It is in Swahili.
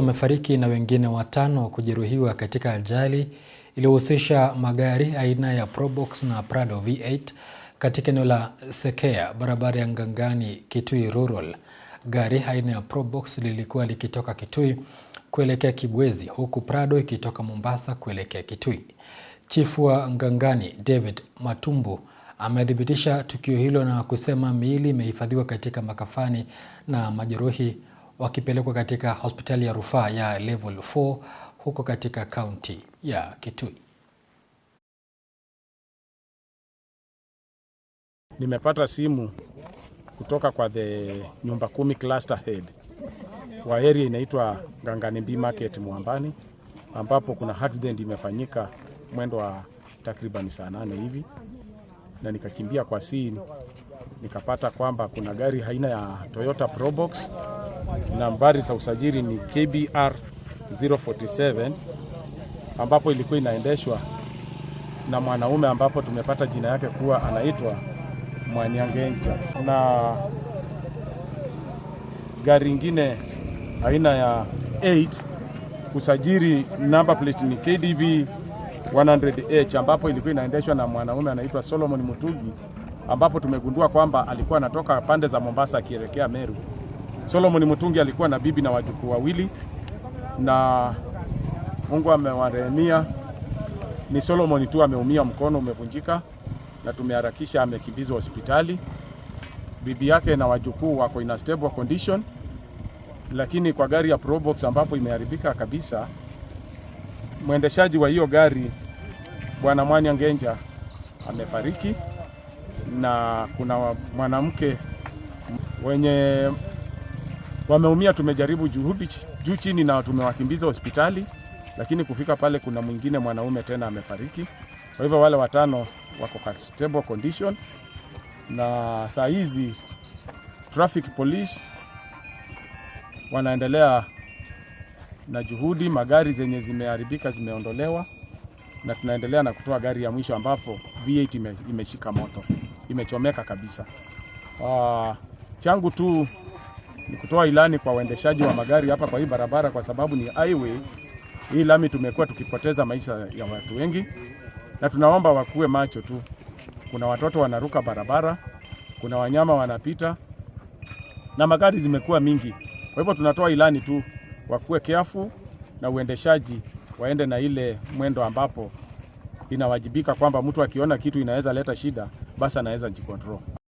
watatu wamefariki na wengine watano kujeruhiwa katika ajali iliyohusisha magari aina ya Probox na Prado V8 katika eneo la Sekea, barabara ya Ngang'ani, Kitui Rural. Gari aina ya Probox lilikuwa likitoka Kitui kuelekea Kibwezi, huku Prado ikitoka Mombasa kuelekea Kitui. Chifu wa Ngang'ani, David Matumbu, amethibitisha tukio hilo na kusema miili imehifadhiwa katika makafani na majeruhi wakipelekwa katika hospitali ya rufaa ya level 4 huko katika kaunti ya Kitui. Nimepata simu kutoka kwa the nyumba kumi cluster head wa area inaitwa Gangani B Market Mwambani, ambapo kuna accident imefanyika mwendo wa takriban saa nane hivi, na nikakimbia kwa scene nikapata kwamba kuna gari aina ya Toyota Probox nambari za usajili ni KBR 047 ambapo ilikuwa inaendeshwa na mwanaume ambapo tumepata jina yake kuwa anaitwa Mwanyangenja, na gari ingine aina ya 8 usajili namba plate ni KDV 100H ambapo ilikuwa inaendeshwa na mwanaume anaitwa Solomon Mutugi ambapo tumegundua kwamba alikuwa anatoka pande za Mombasa akielekea Meru. Solomon Mutungi alikuwa na bibi na wajukuu wawili na Mungu amewarehemia. Ni Solomon tu ameumia, mkono umevunjika, na tumeharakisha, amekimbizwa hospitali. Bibi yake na wajukuu wako in a stable condition, lakini kwa gari ya Probox ambapo imeharibika kabisa, mwendeshaji wa hiyo gari Bwana Mwanya Ngenja amefariki, na kuna mwanamke wenye wameumia, tumejaribu juhudi juu chini na tumewakimbiza hospitali, lakini kufika pale kuna mwingine mwanaume tena amefariki. Kwa hivyo wale watano wako stable condition, na saa hizi traffic police wanaendelea na juhudi, magari zenye zimeharibika zimeondolewa, na tunaendelea na kutoa gari ya mwisho ambapo V8 imeshika moto, imechomeka kabisa. Uh, changu tu ni kutoa ilani kwa waendeshaji wa magari hapa kwa hii barabara, kwa sababu ni highway hii lami. Tumekuwa tukipoteza maisha ya watu wengi, na tunaomba wakuwe macho tu. Kuna watoto wanaruka barabara, kuna wanyama wanapita na magari zimekuwa mingi. Kwa hivyo tunatoa ilani tu wakuwe kiafu na uendeshaji waende na ile mwendo ambapo inawajibika kwamba mtu akiona kitu inaweza leta shida basi anaweza jikontrol.